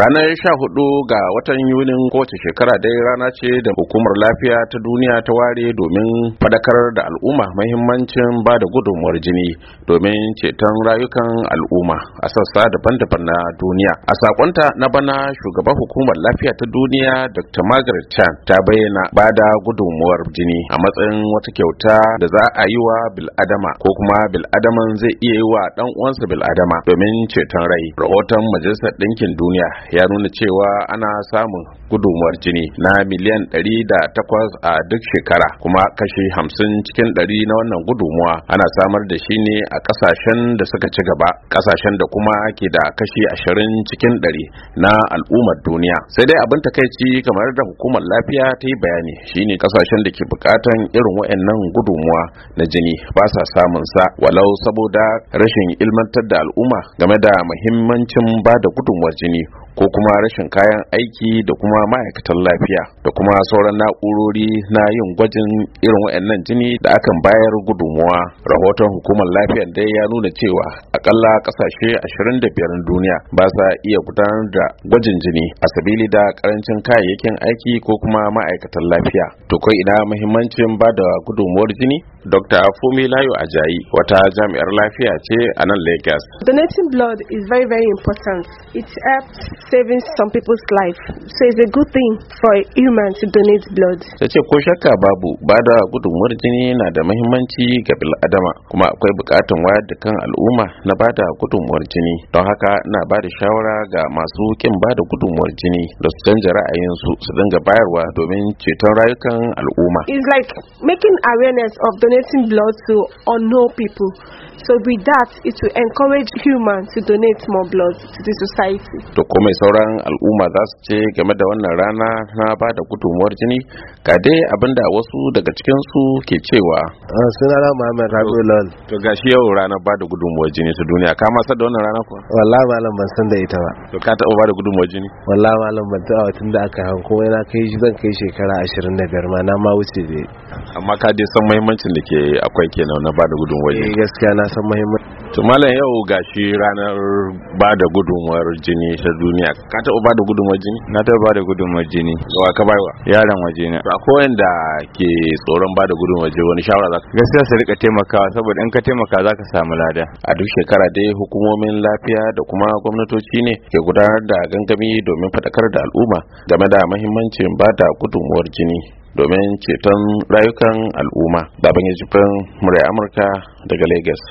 ranar sha hudu ga watan yunin kowace shekara dai rana ce da hukumar lafiya ta duniya ta ware domin fadakar da al'umma mahimmancin ba da gudunmuwar jini domin ceton rayukan al'umma a sassa daban-daban na duniya a sakonta na bana shugaban hukumar lafiya ta duniya dr margaret chan ta bayyana ba da gudunmuwar jini a matsayin wata kyauta da za a yi wa bil'adama ko kuma bil'adaman zai iya yi wa dan uwansa bil'adama domin ceton rai rahoton majalisar ɗinkin duniya ya nuna cewa ana samun gudumar jini na miliyan 108 a duk shekara kuma kashi 50 cikin 100 na wannan gudunmuwa ana samar da shi ne a kasashen da suka ci gaba kasashen da kuma ke da kashi 20 cikin 100 na al'ummar duniya sai dai abin takaici kamar da hukumar lafiya ta yi bayani shine kasashen da ke bukatan irin waɗannan gudunmuwa na jini ba sa samun sa walau saboda rashin ilmantar da al'umma game da muhimmancin ba da gudunmuwar jini ko kuma rashin kayan aiki da kuma ma'aikatan lafiya da kuma sauran na'urori na yin gwajin irin wa'annan jini da akan bayar gudunmuwa rahoton hukumar lafiyar dai ya nuna cewa akalla kasashe 25 na duniya ba sa iya gudanar da gwajin jini a sabili da karancin kayayyakin aiki ko kuma ma'aikatan lafiya to kai ina muhimmancin ba da gudunmuwar jini dr fumi layo ajayi wata jami'ar lafiya ce a nan lagos donating blood is very very important it helps saving some people's life so it's a good thing for a human to donate blood ta ce ko shakka babu ba da gudunmuwar jini na da muhimmanci ga bil'adama kuma akwai bukatun wayar da kan al'umma na na bada gudunmuwar jini don haka na bada shawara ga masu kin bada gudunmuwar jini da su canja ra'ayinsu su dinga bayarwa domin ceton rayukan al'umma it's like making awareness of donating blood to unknown people so with that it will encourage humans to donate more blood to the society to kuma sauran al'umma za su ce game da wannan rana na bada gudunmuwar jini ga dai abinda wasu daga cikin su ke cewa ah, sunana Muhammad Rabiul to gashi yau ranar bada gudunmuwar jini duniya ka ma san wannan rana kuwa wallahi malam ban san da ita ba to ka taɓa ba da gudunmawar jini wallahi malam ban taɓa tun da aka hanko yana kai shi zan kai shekara 25 ma na ma wuce zai amma ka dai san muhimmancin da ke akwai kenan na ba da gudunmawar jini eh gaskiya na san muhimmanci to malam yau gashi ranar ba da gudunmawar jini ta duniya ka taɓa ba da gudunmawar jini na taɓa ba da gudunmawar jini wa ka bai wa yaran waje ne akwai da ke tsoron ba da gudunmawar jini wani shawara za ka gaskiya su rika taimakawa saboda in ka taimaka za ka samu lada a duk shekara shekara dai hukumomin lafiya da kuma gwamnatoci ne ke gudanar da gangami domin faɗakar da al'umma game da mahimmancin ba da gudunmuwar jini domin ceton rayukan al'umma babban yajibirin murai amurka daga lagos